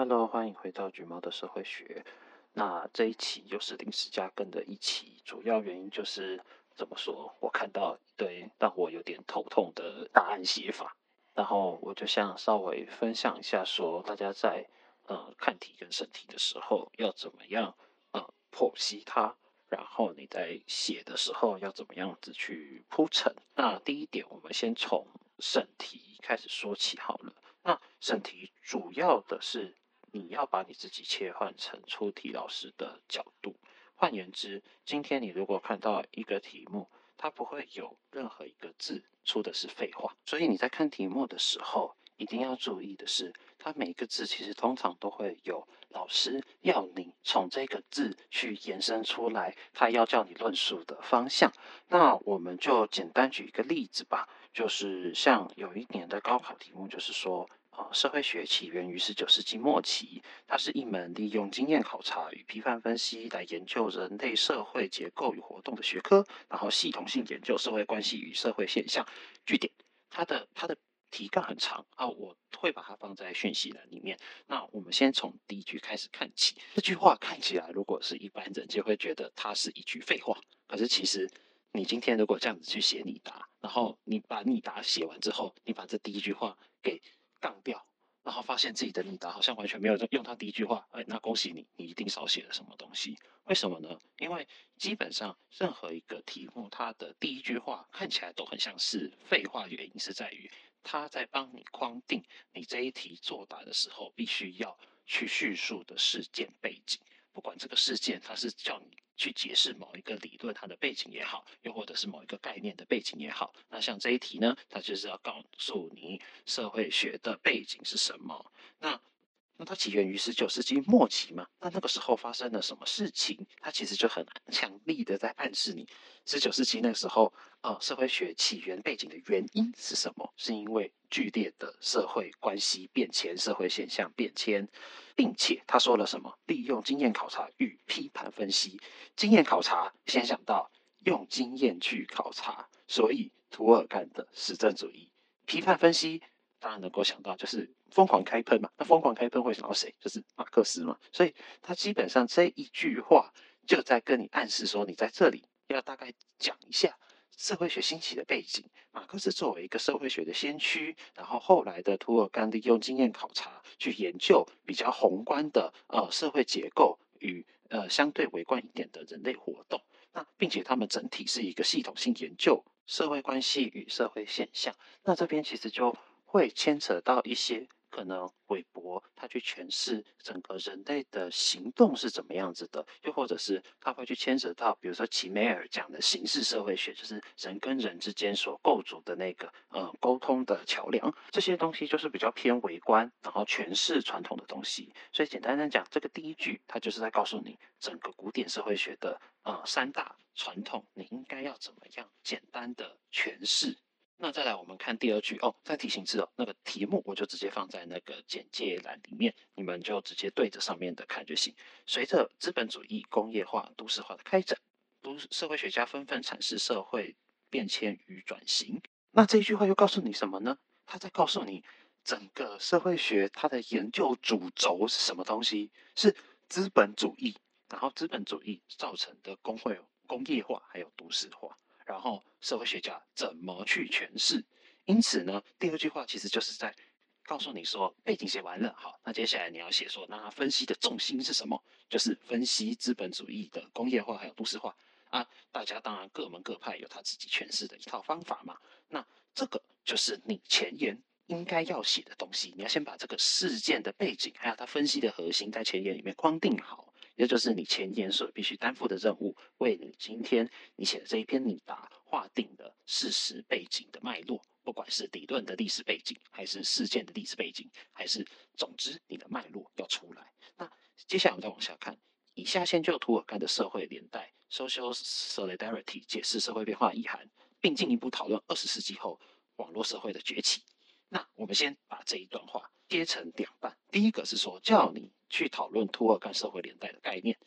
Hello，歡迎回到橘貓的社會學。那這一期又是臨時加更的一期，主要原因就是怎麼說，我看到一堆讓我有點頭痛的答案寫法，然後我就想稍微分享一下說，說大家在呃看題跟審題的時候要怎麼樣呃剖析它，然後你在寫的時候要怎麼樣子去鋪陳。那第一點，我們先從審題開始說起好了。那審題主要的是。你要把你自己切換成出題老師的角度，換言之，今天你如果看到一個題目，它不會有任何一個字出的是廢話，所以你在看題目的時候，一定要注意的是，它每一個字其實通常都會有老師要你從這個字去延伸出來，他要叫你論述的方向。那我們就簡單舉一個例子吧，就是像有一年的高考題目，就是說。哦、社會學起源於十九世紀末期，它是一門利用經驗考察與批判分析來研究人類社會結構與活動的學科。然後系統性研究社會關係與社會現象。句點，它的它的題幹很長啊，我會把它放在訊息欄裡面。那我們先從第一句開始看起。這句話看起來，如果是一般人就會覺得它是一句廢話。可是其實，你今天如果這樣子去寫，你答，然後你把你答寫完之後，你把這第一句話給。當掉，然後發現自己的擬答好像完全沒有用。他第一句話，哎、欸，那恭喜你，你一定少寫了什麼東西？為什麼呢？因為基本上任何一個題目，它的第一句話看起來都很像是廢話的原因是在於他在幫你框定你這一題作答的時候，必須要去敘述的事件背景。不管這個事件，他是叫你。去解釋某一個理論它的背景也好，又或者是某一個概念的背景也好，那像這一題呢，它就是要告訴你社會學的背景是什麼。它起源於十九世紀末期嘛？那那個時候發生了什麼事情？它其實就很強力的在暗示你，十九世紀那個時候，呃，社會學起源背景的原因是什麼？是因為劇烈的社會關係變遷、社會現象變遷，並且他說了什麼？利用經驗考察與批判分析。經驗考察，先想到用經驗去考察，所以涂爾幹的實證主義批判分析。當然能夠想到，就是瘋狂開噴嘛。那瘋狂開噴會想到誰？就是馬克思嘛。所以他基本上這一句話就在跟你暗示說，你在這裡要大概講一下社會學興起的背景。馬克思作為一個社會學的先驅，然後後來的涂爾幹利用經驗考察去研究比較宏觀的呃社會結構與呃相對微觀一點的人類活動。那並且他們整體是一個系統性研究社會關係與社會現象。那這邊其實就會牽扯到一些可能韋伯他去詮釋整個人類的行動是怎麼樣子的，又或者是他會去牽扯到，比如說齊美爾講的形式社會學，就是人跟人之間所構築的那個呃溝通的橋樑，這些東西就是比較偏微觀，然後詮釋傳統的東西。所以簡單，單講，這個第一句它就是在告訴你整個古典社會學的呃三大傳統，你應該要怎麼樣簡單的詮釋。那再來，我們看第二句哦，在提醒之後，那個題目我就直接放在那個簡介欄裡面，你們就直接對着上面的看就行。隨着資本主義工業化、都市化的開展，都市社會學家紛紛闡釋社會變遷與轉型。那這一句話又告訴你什麼呢？它在告訴你整個社會學它的研究主軸是什麼東西？是資本主義，然後資本主義造成的工會、工業化還有都市化。然後社會學家怎麼去詮釋？因此呢，第二句話其實就是在告訴你說，背景寫完了，好，那接下來你要寫說，那他分析的重心是什麼？就是分析資本主義的工業化還有都市化啊。大家當然各門各派有他自己詮釋的一套方法嘛。那這個就是你前言應該要寫的東西。你要先把這個事件的背景，還有它分析的核心，在前言裡面框定好。也就是你前言所必須擔負的任務，為你今天你寫的這一篇擬答劃定了事實背景的脈絡，不管是理論的歷史背景，還是事件的歷史背景，還是總之你的脈絡要出來。那接下來我們再往下看，以下先就涂爾幹的社會連帶 （Social Solidarity） 解釋社會變化的意涵，並進一步討論二十世紀後網絡社會的崛起。那我們先把這一段話切成兩半，第一個是說叫你。去討論涂爾幹社會連帶的概念。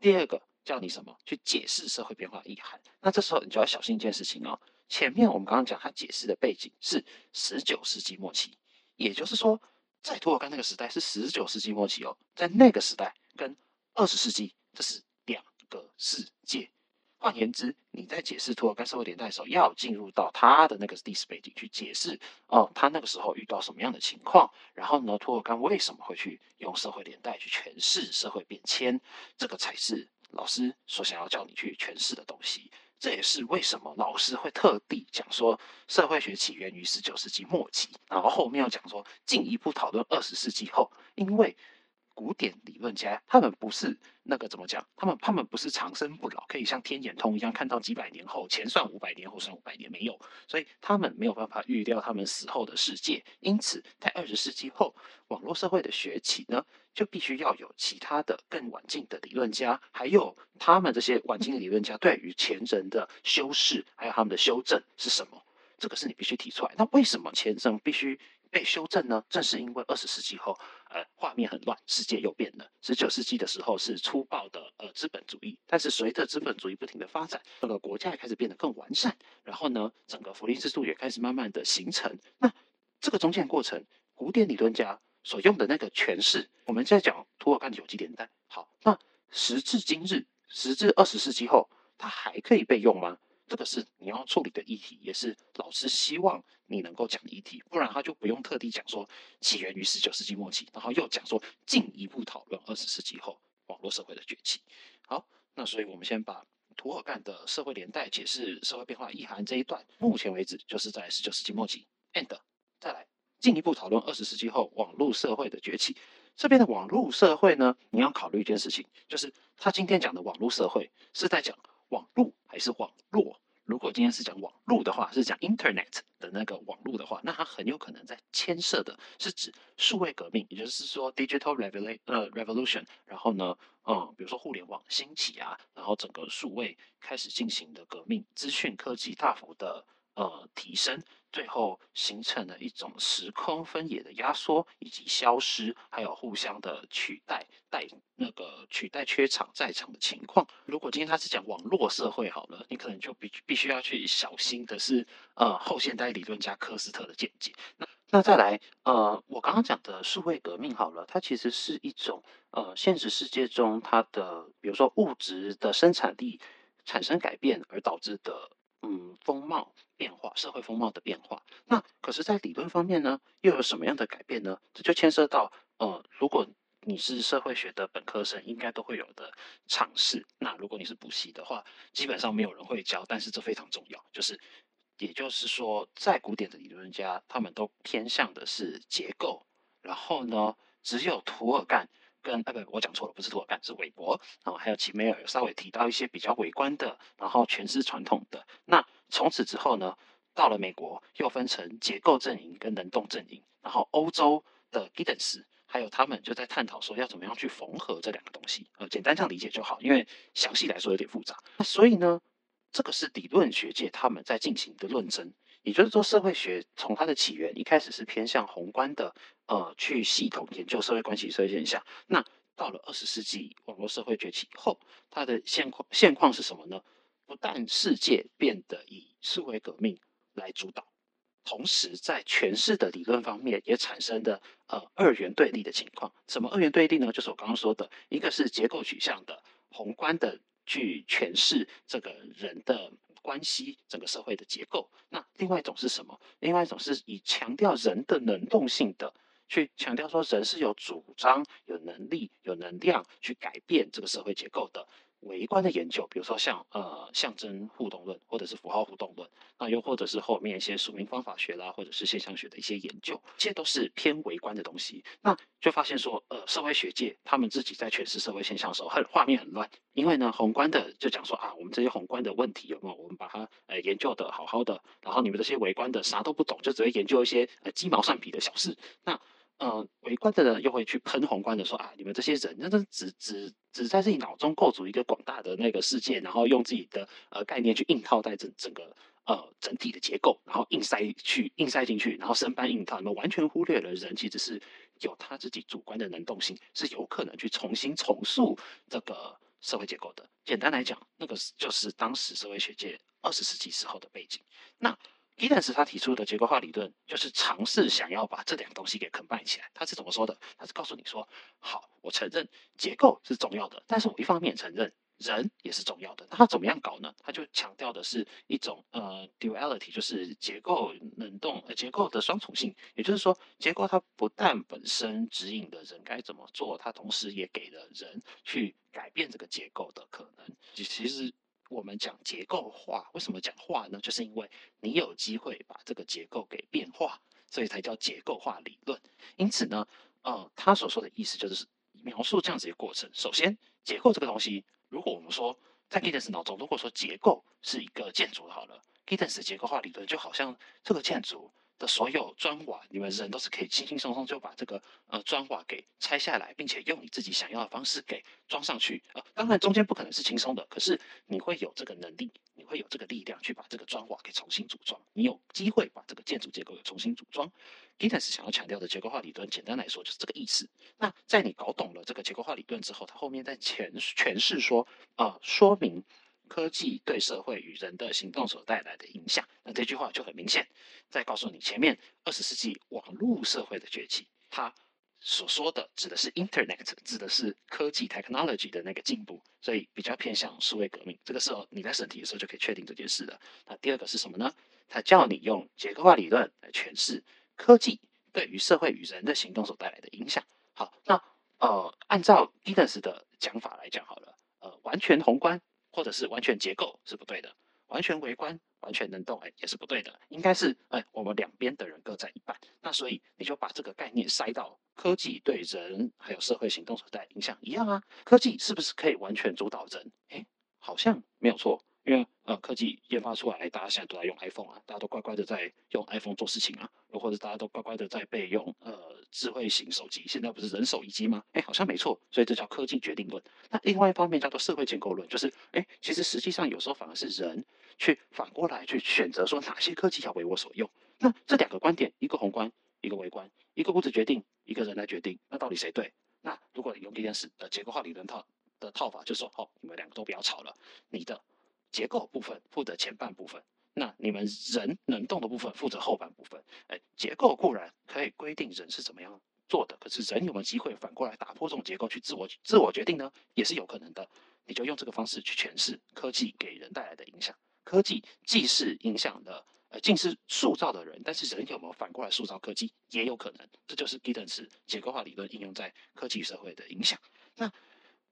第二個叫你什麼？去解釋社會變化的意涵。那這時候你就要小心一件事情哦。前面我們剛剛講他解釋的背景是十九世紀末期，也就是說，在涂爾幹那個時代是十九世紀末期哦，在那個時代跟二十世紀這是兩個世界。換言之，你在解釋涂爾幹社會連帶的時候，要進入到他的那個歷史背景去解釋哦、嗯，他那個時候遇到什麼樣的情況，然後呢，涂爾幹為什麼會去用社會連帶去詮釋社會變遷？這個才是老師所想要叫你去詮釋的東西。這也是為什麼老師會特地講說社會學起源於十九世紀末期，然後後面要講說進一步討論二十世紀後，因為，古典理論家，他們不是那個怎麼講？他們他們不是長生不老，可以像天眼通一樣看到幾百年後，前算五百年後算五百年沒有，所以他們沒有辦法預料他們死後的世界。因此，在二十世紀後，網絡社會的崛起呢，就必須要有其他的更晚近的理論家，還有他們這些晚近的理論家對於前人的修飾，還有他們的修正是什麼？這個是你必須提出來。那為什麼前生必須被修正呢？正是因為二十世紀後。畫面很亂，世界又變了。十九世紀的時候是粗暴的呃資本主義，但是隨着資本主義不停的發展，這個國家也開始變得更完善。然後呢，整個福利制度也開始慢慢的形成。那這個中間過程，古典理論家所用的那個詮釋，我們現在講涂爾幹有機連帶。好，那時至今日，時至二十世紀後，它還可以被用嗎？這個是你要處理的議題，也是老師希望你能夠講的議題，不然他就不用特地講說起源於十九世紀末期，然後又講說進一步討論二十世紀後網絡社會的崛起。好，那所以我們先把涂爾幹的社會連帶解釋社會變化意涵這一段，目前為止就是在十九世紀末期，and 再來進一步討論二十世紀後網絡社會的崛起。這邊的網絡社會呢，你要考慮一件事情，就是他今天講的網絡社會是在講。網路還是網絡？如果今天是講網路的話，是講 Internet 的那個網路的話，那它很有可能在牽涉的是指數位革命，也就是說 Digital Revol 呃 Revolution，然後呢，嗯、呃，比如說互聯網興起啊，然後整個數位開始進行的革命，資訊科技大幅的呃提升。最後形成了一種時空分野的壓縮以及消失，還有互相的取代，代那個取代缺場在場的情況。如果今天他是講網絡社會好了，你可能就必必須要去小心的是，呃，後現代理論家科斯特的見解。那那再來，呃，呃我剛剛講的數位革命好了，它其實是一種呃現實世界中它的，比如說物質的生產力產生改變而導致的。嗯，風貌變化，社會風貌的變化。那可是，在理論方面呢，又有什麼樣的改變呢？這就牽涉到，呃，如果你是社會學的本科生，應該都會有的嘗試。那如果你是補習的話，基本上沒有人會教。但是這非常重要，就是，也就是說，在古典的理論家，他們都偏向的是結構。然後呢，只有涂爾幹。跟那個、呃、我講錯了，不是涂爾幹，是韋伯，然、哦、後還有齊美爾，有稍微提到一些比較微觀的，然後全是傳統的。那從此之後呢，到了美國又分成結構陣營跟能動陣營，然後歐洲的吉登斯，還有他們就在探討說要怎麼樣去縫合這兩個東西。呃，簡單這樣理解就好，因為詳細來說有點複雜。那所以呢，這個是理論學界他們在進行的論爭。也就是說，社會學從它的起源一開始是偏向宏觀的，呃，去系統研究社會關係、社會現象。那到了二十世紀，網絡社會崛起以後，它的現況現況是什麼呢？不但世界變得以社會革命來主導，同時在詮釋的理論方面也產生的呃二元對立的情況。什麼二元對立呢？就是我剛剛說的，一個是結構取向的宏觀的去詮釋這個人的。關係整個社會的結構。那另外一種是什麼？另外一種是以強調人的能動性的，去強調說人是有主張、有能力、有能量去改變這個社會結構的。微觀的研究，比如說像呃象徵互動論或者是符號互動論，那又或者是後面一些俗民方法學啦，或者是現象學的一些研究，這些都是偏微觀的東西。那就發現說，呃，社會學界他們自己在詮釋社會現象的時候，很畫面很亂。因為呢，宏觀的就講說啊，我們這些宏觀的問題，有沒有我們把它呃研究得好好的，然後你們這些微觀的啥都不懂，就只會研究一些呃雞毛蒜皮的小事。那嗯，微、呃、觀的人又會去噴宏觀的說，說啊，你們這些人真，真的只只只在自己腦中構築一個廣大的那個世界，然後用自己的呃概念去硬套在整整個呃整體的結構，然後硬塞去硬塞進去，然後生搬硬套，你們完全忽略了人其實是有他自己主觀的能動性，是有可能去重新重塑這個社會結構的。簡單來講，那個就是當時社會學界二十世紀時候的背景。那紀登斯他提出的結構化理論，就是嘗試想要把這兩個東西給 combine 起來。他是怎麼說的？他是告訴你說：好，我承認結構是重要的，但是我一方面承認人也是重要的。那他怎麼樣搞呢？他就強調的是一種呃 duality，就是結構能動，呃結構的雙重性。也就是說，結構它不但本身指引的人該怎麼做，它同時也給了人去改變這個結構的可能。其其實。我們講結構化，為什麼講化呢？就是因為你有機會把這個結構給變化，所以才叫結構化理論。因此呢，呃，他所說的意思就是描述這樣子一個過程。首先，結構這個東西，如果我們說在 g i d 腦中，如果說結構是一個建築好了 g i d 結構化理論就好像這個建築。的所有磚瓦，你們人都是可以輕輕鬆鬆就把這個呃磚瓦給拆下來，並且用你自己想要的方式給裝上去。啊、呃，當然中間不可能是輕鬆的，可是你會有這個能力，你會有這個力量去把這個磚瓦給重新組裝，你有機會把這個建築結構給重新組裝。Giddens 想要強調的結構化理論，簡單來說就是這個意思。那在你搞懂了這個結構化理論之後，他後面在詮詮釋說啊、呃，說明。科技對社會與人的行動所帶來的影響，那這句話就很明顯，再告訴你前面二十世紀網絡社會的崛起，它所說的指的是 Internet，指的是科技 technology 的那個進步，所以比較偏向數位革命。這個時候你在審題的時候就可以確定這件事了。那第二個是什麼呢？他叫你用結構化理論來詮釋科技對於社會與人的行動所帶來的影響。好，那呃，按照 Giddens 的講法來講好了，呃，完全宏觀。或者是完全結構是不對的，完全微觀，完全能動，哎、欸，也是不對的，應該是，哎、欸，我們兩邊的人各占一半。那所以你就把這個概念塞到科技對人還有社會行動所帶來影響一樣啊，科技是不是可以完全主導人？哎、欸，好像沒有錯。因為呃，科技研發出來，哎、大家現在都在用 iPhone 啊，大家都乖乖的在用 iPhone 做事情啊，又或者大家都乖乖的在被用呃智慧型手機，現在不是人手一機嗎？哎、欸，好像沒錯，所以這叫科技決定論。那另外一方面叫做社會建構論，就是哎、欸，其實實際上有時候反而是人去反過來去選擇說哪些科技要為我所用。那這兩個觀點，一個宏觀，一個微觀，一個物質決定，一個人來決定，那到底誰對？那如果你用紀登斯的結構化理論套的套法就，就說哦，你們兩個都不要吵了，你的。結構部分負責前半部分，那你們人能動的部分負責後半部分。哎、欸，結構固然可以規定人是怎麼樣做的，可是人有沒有機會反過來打破這種結構去自我自我決定呢？也是有可能的。你就用這個方式去詮釋科技給人帶來的影響。科技既是影響的，呃，既是塑造的人，但是人有沒有反過來塑造科技，也有可能。這就是 Giddens 結構化理論應用在科技社會的影響。那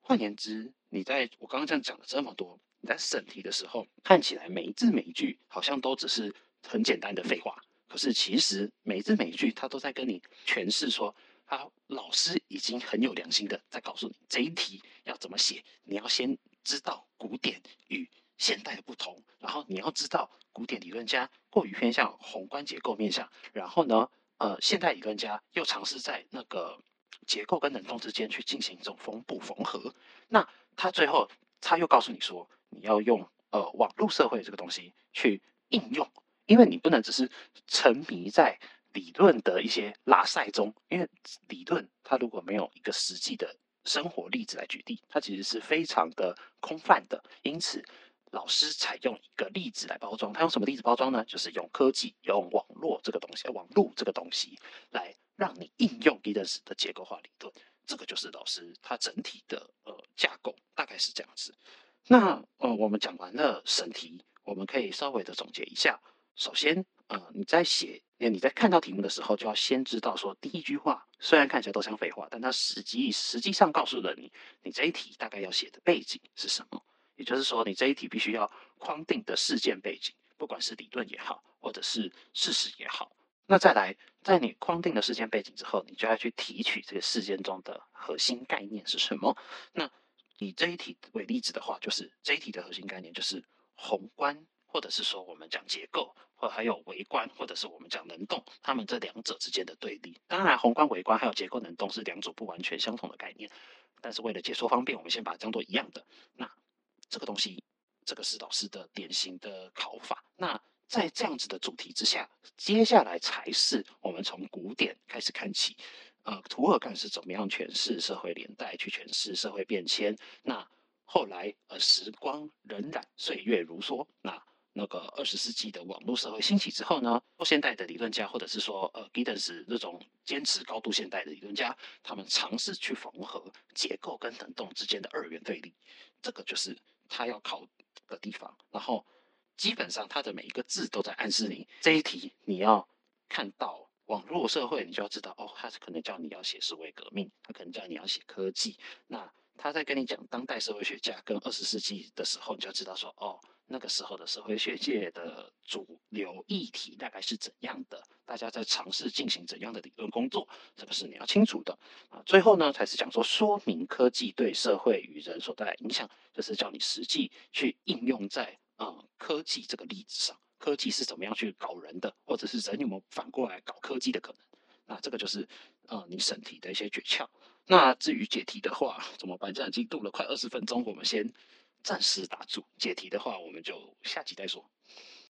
換言之，你在我剛剛這樣講了這麼多。在審題的時候，看起來每一字每一句好像都只是很簡單的廢話，可是其實每一字每一句他都在跟你詮釋說，他老師已經很有良心的在告訴你這一題要怎麼寫，你要先知道古典與現代的不同，然後你要知道古典理論家過於偏向宏觀結構面向，然後呢，呃，現代理論家又嘗試在那個結構跟能動之間去進行一種縫補縫合，那他最後他又告訴你說，你要用呃網絡社會這個東西去應用，因為你不能只是沉迷在理論的一些拉塞中，因為理論它如果沒有一個實際的生活例子來舉例，它其實是非常的空泛的。因此，老師採用一個例子來包裝，他用什麼例子包裝呢？就是用科技、用網絡這個東西，網絡這個東西來讓你應用紀登斯的結構化理論。這個就是老師他整體的呃架構，大概是這樣子。那呃，我們講完了審題，我們可以稍微的總結一下。首先，呃，你在寫，你在看到題目的時候，就要先知道說，第一句話雖然看起來都像廢話，但它實際實際上告訴了你，你這一題大概要寫的背景是什麼。也就是說，你這一題必須要框定的事件背景，不管是理論也好，或者是事實也好。那再來，在你框定的事件背景之後，你就要去提取這個事件中的核心概念是什麼。那以這一題為例子的話，就是這一題的核心概念就是宏觀，或者是說我們講結構，或還有微觀，或者是我們講能動，他們這兩者之間的對立。當然，宏觀、微觀還有結構、能動是兩組不完全相同的概念，但是為了解說方便，我們先把它當做一樣的。那這個東西，這個是老師的典型的考法。那在這樣子的主題之下，接下來才是我們從古典開始看起。呃，圖爾幹是怎麼樣詮釋社會連帶，去詮釋社會變遷？那後來，呃，時光荏苒，歲月如梭。那那個二十世紀的網絡社會興起之後呢？後現代的理論家，或者是說，呃，吉 n s 那種堅持高度現代的理論家，他們嘗試去縫合結構跟等動之間的二元對立。這個就是他要考的地方。然後，基本上他的每一個字都在暗示你這一題，你要看到。網絡、哦、社會，你就要知道哦，他可能叫你要寫思維革命，他可能叫你要寫科技。那他在跟你講當代社會學家跟二十世紀的時候，你就要知道說哦，那個時候的社會學界的主流議題大概是怎樣的，大家在嘗試進行怎樣的理論工作，這個是你要清楚的啊。最後呢，才是講說說明科技對社會與人所帶來影響，就是叫你實際去應用在啊、嗯、科技這個例子上。科技是怎麼樣去搞人的，或者是人有沒有反過來搞科技的可能？那這個就是呃，你審題的一些訣竅。那至於解題的話，怎麼辦？就已經度了快二十分鐘，我們先暫時打住。解題的話，我們就下集再說。